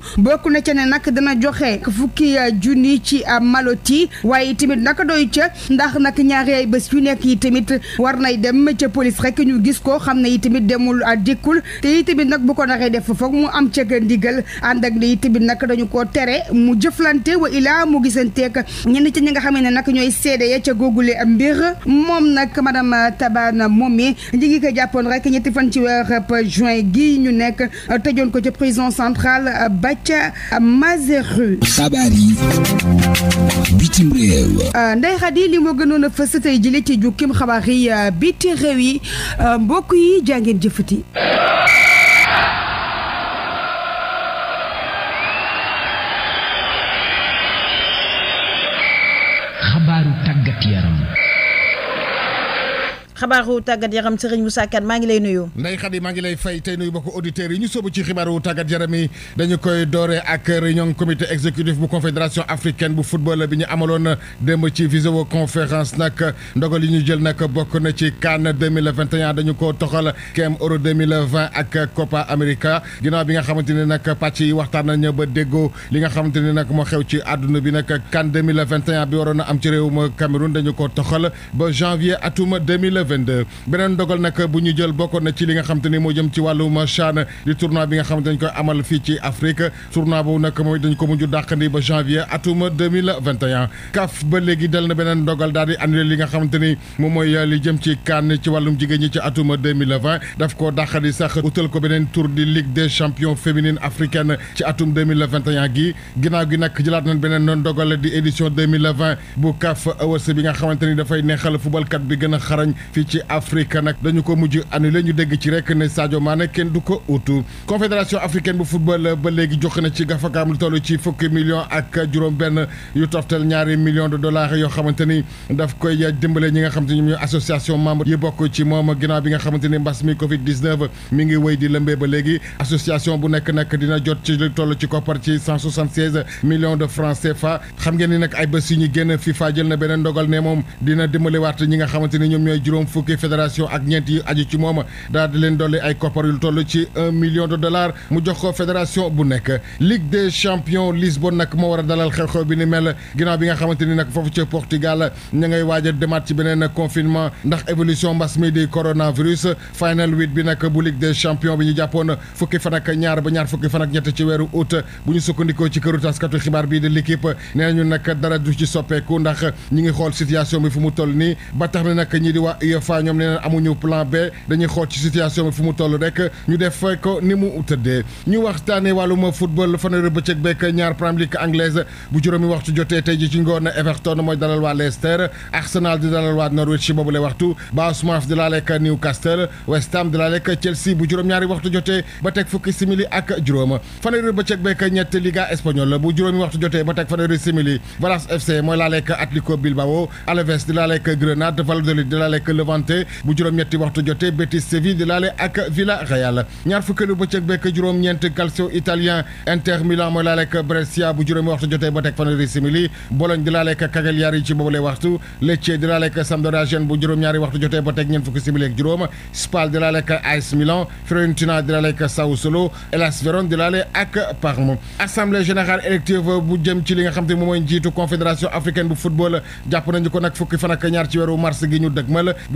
joxe fukki euh, junni ci euh, maloti waaye tamit naka doy ca ndax nag ñaari ay bés yu nekk yi tamit war nay dem ca police rek ñu gis ko xam ne yi tamit demul euh, dikkul te yi tamit nag bu ko naree def foog mu am ca ndigal ànd ak li tamit nag dañu ko tere mu jëflante wa ilaa mu gisanteeg ñenn ci ñi nga xam ne nag ñooy seede ya ca googule mbir moom nag madame Tabane Momy ñi ngi ko jàppoon rek ñetti fan ci weer juin gi ñu nekk tëjoon ko ca prison centrale ba ca xabaar yi bitim réew. Euh, Ndeye Khady li moo gënoon a fës tey jëlee ci jukkim xabaar yi euh, biti réew yi euh, mbokk yi jàngeen jëfati xabaaru tàggat yaram Serigne Moussa sàkkat maa ngi lay nuyu. Ndeye Khady maa ngi lay fay tey nuyu mbokku auditeurs yi ñu sóobu ci xibaaru tàggat yaram yi dañu koy dooree ak réunion comité exécutif bu confédération africaine bu football bi ñu amaloon démb ci visio conférence nag ndogal yi ñu jël nag bokk na ci CAN 2021 dañu ko toxal kem euro 2020 ak Copa America ginnaaw bi nga xamante ne nag pàcc yi waxtaan nañu ba déggoo li nga xamante ne nag moo xew ci àdduna bi nag CAN 2021 bi waroon a am ci réewum Cameroun dañu ko toxal ba janvier atum 2020 2022 beneen dogal nag bu ñu jël bokkoon na ci li nga xam ni moo jëm ci wàllum CHAN di tournoi bi nga xam te dañ koy amal fii ci Afrique tournoi boobu nag mooy dañ ko mujj dàqandi ba janvier atum 2021 CAF ba léegi dal na beneen dogal daal di annulé li nga xam te ni moom mooy li jëm ci kaan ci wàllum jigéen ñi ci atum 2020 daf ko dàqandi sax utal ko beneen tour di Ligue des champions féminines africaines ci atum 2021 gi ginnaaw gi nag jëlaat nañ beneen dogal di édition 2020 bu CAF Awards bi nga xamante ni dafay neexal bi gën a xarañ fii ci Afrique nag dañu ko mujj annulé ñu dégg ci rek ne Sadio Mané kenn du ko utu confédération africaine bu football ba léegi joxe na ci gafakaam lu toll ci fukki millions ak juróom-benn yu toftal ñaari millions de dollars yoo xamante daf koy dimbale ñi nga xamante ni ñoom ñooy association membre yi bokk ci moom ginnaaw bi nga xamante mbas mi Covid mi ngi wéy di lëmbee ba léegi association bu nekk nag dina jot ci lu toll ci koppar ci cent de francs juróom fukki fédération ak ñeent yu aju ci moom daal di leen dolli ay koppar yu toll ci un million de dollars mu jox ko fédération bu nekk Ligue des champions Lisbonne nag moo war a dalal xew-xew bi ni mel ginnaaw bi nga xamante ni nag foofu ca Portugal ña ngay waaj a demaat ci beneen confinement ndax évolution mbas mi di coronavirus final huit bi nag bu Ligue des champions bi ñu jàppoon fukki fan ak ñaar ba ñaar fukki fan ak ñett ci weeru août bu ñu sukkandikoo ci këru taskatu xibaar bii di l'équipe nee nañu nag dara ngi xool situation bi fu mu toll nii des fois ñoom nee na amuñu plan B dañuy xool ci situation bi fu mu toll rek ñu def ko ni mu tëddee ñu waxtaanee wàllum football fanweeri bëccëg beeg ñaar Premier League anglaise bu juróomi waxtu jotee tey ji ci Everton mooy dalal waa Leicester Arsenal di dalal waa Norwich boobu lay waxtu Bournemouth di laaleeg Newcastle West Ham di laaleeg Chelsea bu juróom-ñaari waxtu jotee ba teg fukki simili ak juróom fanweeri bëccëg beeg ñett Liga espagnole bu Levante bu juróom-ñetti waxtu jotee Betis Séville di laale ak Villarreal ñaar fukkeelu bëccëg bekk juróom-ñeent Calcio italien Inter Milan mooy laale ak Brescia bu juróomi waxtu jotee ba teg fanweeri simili Bologne di laale ak Cagliari ci boobule waxtu Lecce di laale ak Sampdoria bu juróom-ñaari waxtu jotee ba teg ñeent fukki simili ak juróom Spal di laale ak AS Milan Fiorentina di laale ak Sassuolo Hellas Vérone di laale ak Parme assemblée générale ci li nga xam te moom mooy njiitu confédération africaine bu football jàpp nañu ko nag fukki fan ak ñaar ci weeru mars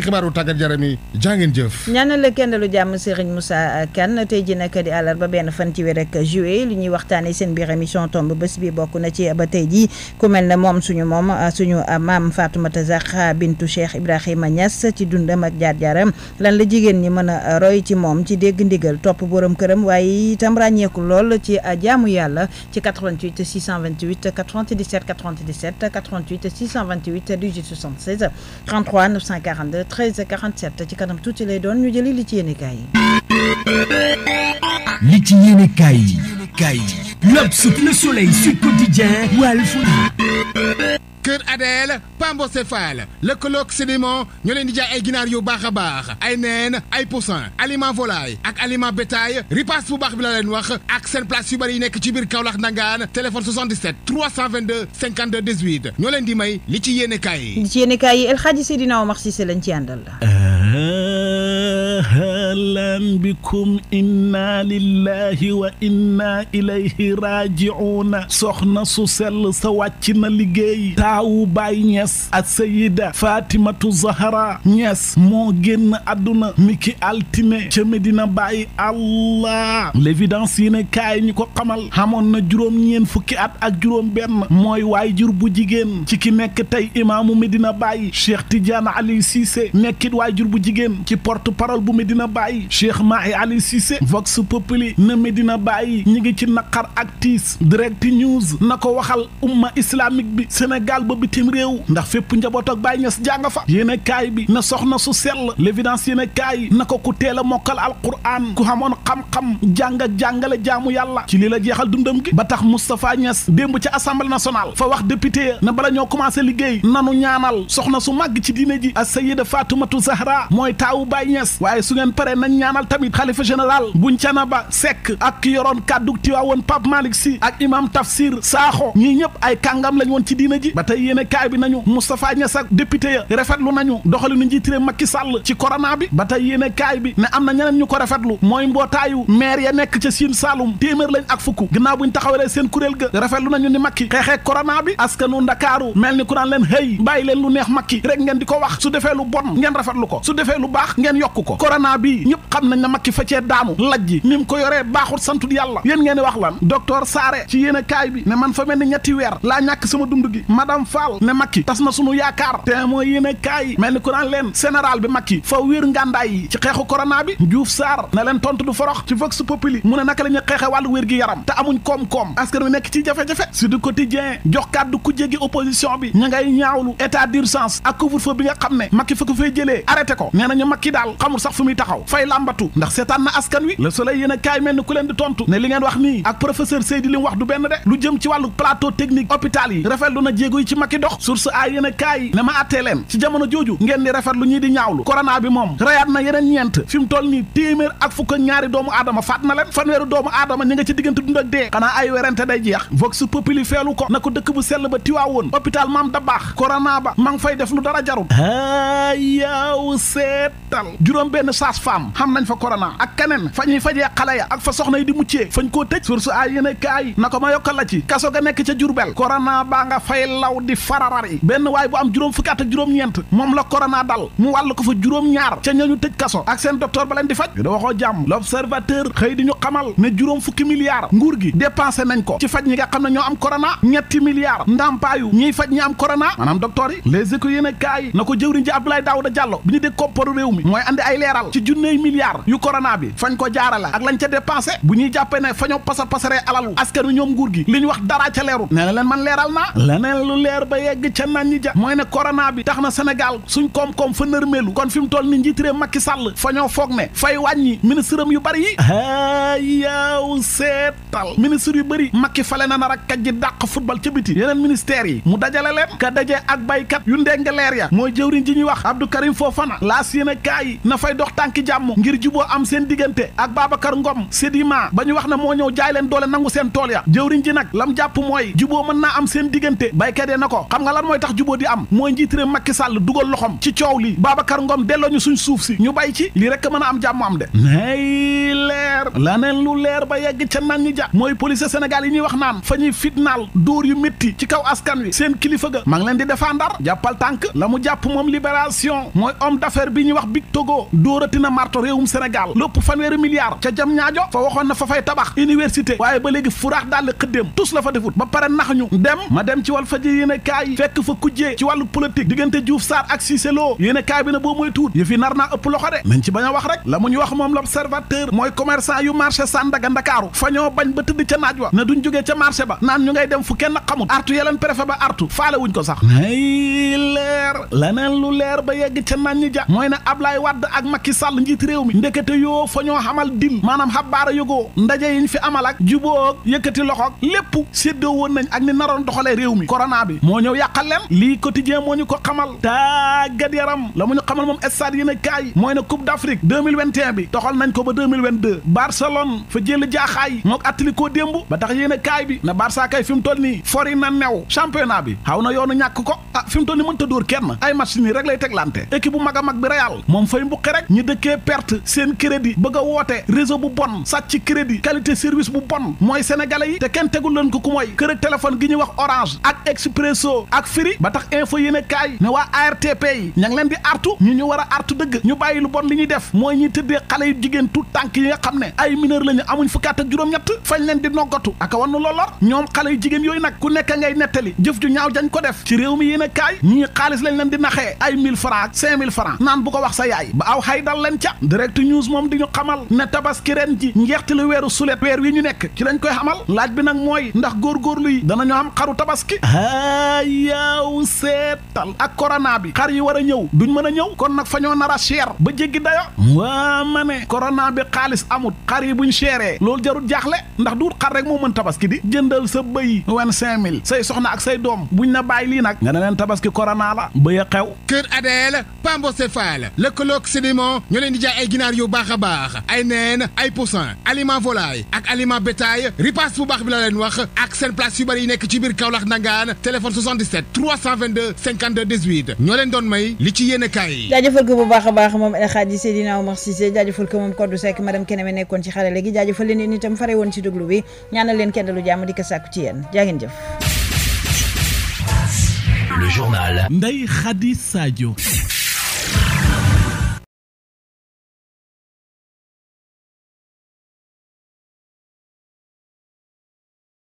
ci xibaaru tàggat yaram yi jaa ngeen jëf. ñaanal la kenn lu jàmm Serigne Moussa Kane tey jii nag di àllarba benn fan ci weer ak juillet li ñuy waxtaanee seen biir émission tomb bés bi bokk na ci ba tey jii ku mel ne moom suñu moom suñu maam Fatoumata Zahra Bintu Cheikh Ibrahima Niass ci dundam ak jaar-jaaram lan la jigéen ñi mën a roy ci moom ci dégg ndigal topp borom këram waaye itam ràññeeku lool ci jaamu yàlla ci 88 628 97 97 88 628 18 76 13 47 ci kanam tuuti lay doon ñu jëli li ci yéene kaay yi. li ci yéene kaay yi kaay yi. L'Obs, Le Soleil, Sud Quotidien, Walf. Kër Adel Pambo Céphale lëkkaloog sédiment ñoo leen di jaay ay ginaar yu baax a baax ay neen ay poussin aliment volaille ak aliment bétail ripaas bu baax bi la leen wax ak seen place yu bëri nekk ci biir Kaolack Ndangaan téléphone 77 may li ci yéene kaay li ci yéene kaay yi El Hadji Seydina Omar Cissé lañ ahlan bikum inna lillahi wa inna ilayhi raaji'uuna soxna su sell sa wàcc na liggéey taawu Baay ñees ak sayida Faatimatu Zahra Ñas moo génn adduna mi ki altine ca Medina Baay allah l'évidence yi ne kaay ko xamal xamoon na juróom ñeen fukki at ak juróom benn mooy waay bu jigéen ci ki nekk tey imaamu Medina Baay Cheikh Tidiane Ali Cissé nekkit waay bu jigéen ci porte bu Medina Baay Baye Cheikh Mahi Ali Cissé Vox Populi na Medina bàyyi ñi ngi ci naqar ak tiis direct news na ko waxal umma islamique bi Sénégal ba bitim réew ndax fépp njaboot ak Baye Niass jànga fa yéen kaay bi na soxna su sell l'évidence yéen kaay na ko ku teel a mokkal alquran ku xamoon xam-xam jàng ak jàngale jaamu yàlla ci lii la jeexal dundam gi ba tax Moustapha Niass démb ci assemblée nationale fa wax député ya na bala ñoo commencé liggéey nanu ñaanal soxna su màgg ci diine ji as-sayyida Faatumatu Zahra mooy pare nañ ñaanal tamit xalifa général buñ cana ba sekk ak ki yoroon kàddu Tiwaawoon Pape Malick Sy ak imam Tafsir Sakho ñii ñëpp ay kàngam lañ woon ci diina ji ba tey yéene kaay bi nañu Moustapha Niass ak député ya rafetlu nañu doxalinu njiitu réew Macky Sall ci corona bi ba tey yéene kaay bi ne am na ñeneen ñu ko rafetlu mooy mbootaayu maire ya nekk ca Sine saalum téeméer lañ ak fukk ginnaaw buñ taxawalee seen kuréel ga rafetlu nañu ni Macky xeexee corona bi askanu Ndakaaru mel ni ku naan leen hëy bàyyi leen lu neex Macky rek ngeen di ko wax su defee lu bon ngeen rafetlu ko su defee lu baax ngeen yokk ko gii ñëpp xam nañ na Macky fa cee daamu lajji ni mu ko yoree baaxul santul yàlla yéen ngeen di wax lan docteur Saare ci yéen a kaay bi ne man fa mel ni ñetti weer laa ñàkk sama dund gi madame Fall ne Macky tas na sunu yaakaar te mooy yéen a kaay mel ni ku naan leen général bi Macky fa wéer ngàndaay yi ci xeexu corona bi Diouf Sarr na leen tontu du forox ci vox populi mu ne naka la ñuy xeexe wàllu wér gi yaram te amuñ koom-koom askan wi nekk ci jafe-jafe sur du quotidien jox kàddu bi ngay ñaawlu état d'urgence ak couvre-feu bi nga xam ne Macky fa ko fay jëlee ko nee nañu Macky daal xamul sax fu muy taxaw fay làmbatu ndax seetaan na askan wi la soleil yéen kaay mel ni ku leen di tontu ne li ngeen wax nii ak professeur Seydi li mu wax du benn de lu jëm ci wàllu plateau technique hôpital yi rafetlu na jéego yi ci makki dox source ay yéen a kaay ne ma àttee leen ci jamono jooju ngeen di rafetlu ñii di ñaawlu corona bi moom rayaat na yeneen ñeent fi mu toll nii téeméer ak fukk ñaari doomu aadama faat na leen fanweeru doomu aadama ñi nga ci diggante dund a dee xanaa ay werante day jeex vox populi feelu ko na ko bu sell ba tiwaawoon hôpital maam da baax corona ba ma ngi fay def lu dara jarul aa yaw seetal benn saas femmes xam nañ fa corona ak keneen fa ñuy fajee xale ya ak fa soxna yi di muccee fañ koo tëj source ay yéen kaay na ko ma yokkal la ci kaso ga nekk ca Jurbel corona baa nga fay law di fararari benn waay bu am juróom fukki at juróom-ñeent moom la corona dal mu wàll ko fa juróom-ñaar ca ñañu tëj kaso ak seen docteur ba leen di faj da waxoo jàmm l'observateur xëy di ñu xamal ne juróom fukki milliards nguur gi dépensé nañ ko ci faj ñi ga xam ne ñoo am corona ñetti milliards ndampaayu ñiy yi na ko junneey milliards yu corona bi fañ ko jaarale ak lañ ca dépensé bu ñuy jàppee ne fa ñoo pasar pasaree alalu askanu ñoom nguur gi li wax dara ca leerut nee man leeral naa leneen lu leer ba yegg ca nañ ñi ja mooy ne corona bi tax na Sénégal suñ koom-koom fa nërmeelu kon fi mu toll ni njiitiree Macky Sall fa ñoo foog ne fay wàññi ministre yu bari yi a yaaw seetal ministre yu bëri Macky fale na nar a kaj ji dàq football ca biti yeneen ministères yi mu dajale leen ka daje yu ndeng leer ya mooy jëwriñ ji ñuy wax Abdou Karim Fofana laas yéen a kaay jàmm ngir juboo am seen diggante ak Babacar Ngom Sedima ba ñu wax ne moo ñëw jaay leen doole nangu seen tool ya jëwriñ ji nag lam jàpp mooy juboo mën naa am seen diggante béykat yi na ko xam nga lan mooy tax juboo di am mooy njiit réew Macky Sall dugal loxom ci coow li Babacar Ngom delloo ñu suñ suuf si li rek mën a am jàmm am de nay leer lu leer ba yegg ca nan ñi ja mooy police Sénégal yi ñuy wax naan fa ñuy fitnaal dóor yu métti ci kaw askan wi seen kilifa ga maa ngi leen di defandar jàppal tànk la mu moom libération mooy homme d'affaires bi ñuy wax Big Togo dóorati na marto réewum Sénégal lépp fanweeri milliard ca jam ñaajo fa waxoon na fa fay tabax université waaye ba léegi furaax daal xëddéem tus la fa defut ba pare nax ñu dem ma dem ci wal faji yéen e fekk fa kujjee ci wàllu politique diggante Diouf Sarr ak Cissé Lo yéen bi ne boo mooy tuut yëf nar naa ëpp loxo de nañ ci bañ a wax rek la mu ñu wax moom l'observateur mooy commerçant yu marché Sandaga Ndakaaru fa ñoo bañ ba tëdd ca naaj wa ne duñ jógee ca marché ba naan ñu ngay dem njiit réew mi ndekete yoo fa ñoo xamal dil maanaam xabaara yógoo ndaje fi amal ak jubóog yëkkati loxoog lépp séddoo woon nañ ak ni naroon doxalee réew mi corona bi moo ñëw yàqal leen lii quotidien moo ñu ko xamal tàggat yaram la mu ñu xamal moom stade yéen a kaay mooy ne coupe d' afrique 2021 bi doxal nañ ko ba 2022 barcelone fa jël jaaxaay mook atliko démb ba tax yéen a kaay bi na barça kay fi mu toll nii fori na new championnat bi xaw na yoonu ñàkk ko ah fi mu toll nii mënta dóor kenn ay match nii rek lay teglante équipe bu mag a perte seen crédit bëgg woote réseau bu bon sàcc crédit qualité service bu bon mooy sénégalais yi te kenn tegul leen ko ku mooy kër ak téléphone gi ñuy wax orange ak expresso ak free ba tax info yi ne kaay ne waa ARTP yi ña leen di artu ñu ñu war a artu dëgg ñu bàyyi lu bon li ñuy def mooy ñuy tëddee xale yu jigéen tout tànk yi nga xam ne ay mineur la ñu amuñ fukkaat ak juróom-ñett fañ leen di noggatu aka wannu lolor ñoom xale yu jigéen yooyu nag ku nekk ngay nettali jëf ju ñaaw ko def ci réew mi yéen xaalis lañ leen di naxee ay mille francs cinq mille francs naan bu ko wax sa yaay ca direct news moom di ñu xamal ne tabaski ren ji njeexti lu weeru sulet weer wi ñu nekk ci lañ koy xamal laaj bi nag mooy ndax góor góorgóorlu yi danañu am xaru tabaski a yaaw seetal ak corona bi xar yi war a ñëw duñ mën a ñëw kon nag fa ñoo nar a cher ba jéggi dayo waa ma ne corona bi xaalis amut xar yi buñ chéree loolu jarut jaaxle ndax duut xar rek moo mën tabaski di jëndal sa bëy vingt-cinq mille say soxna ak say doom buñ na bàyyi lii nag nga ne leen tabaski corona la bëy xew kër Adel Pambo Cefal lëkkaloog Sédiment ñoo leen di jaay ay ginaar yu baax a baax ay neen ay poussin aliment volaille ak aliment bétail ripaas bu baax bi la leen wax ak seen place yu bëri yi nekk ci biir Kaolack Ndangaan téléphone 77 322 52 18 ñoo leen doon may li ci yéene kaay. jaajëfal ko bu baax a baax moom El Hadji Seydina Omar Cissé jaajëfal ko moom Codou Seck madame Keneme nekkoon ci xarale gi jaajëfal leen yéen itam fare woon ci déglu bi ñaanal leen kenn lu jàmm di ko sàkku ci yéen jaa jëf.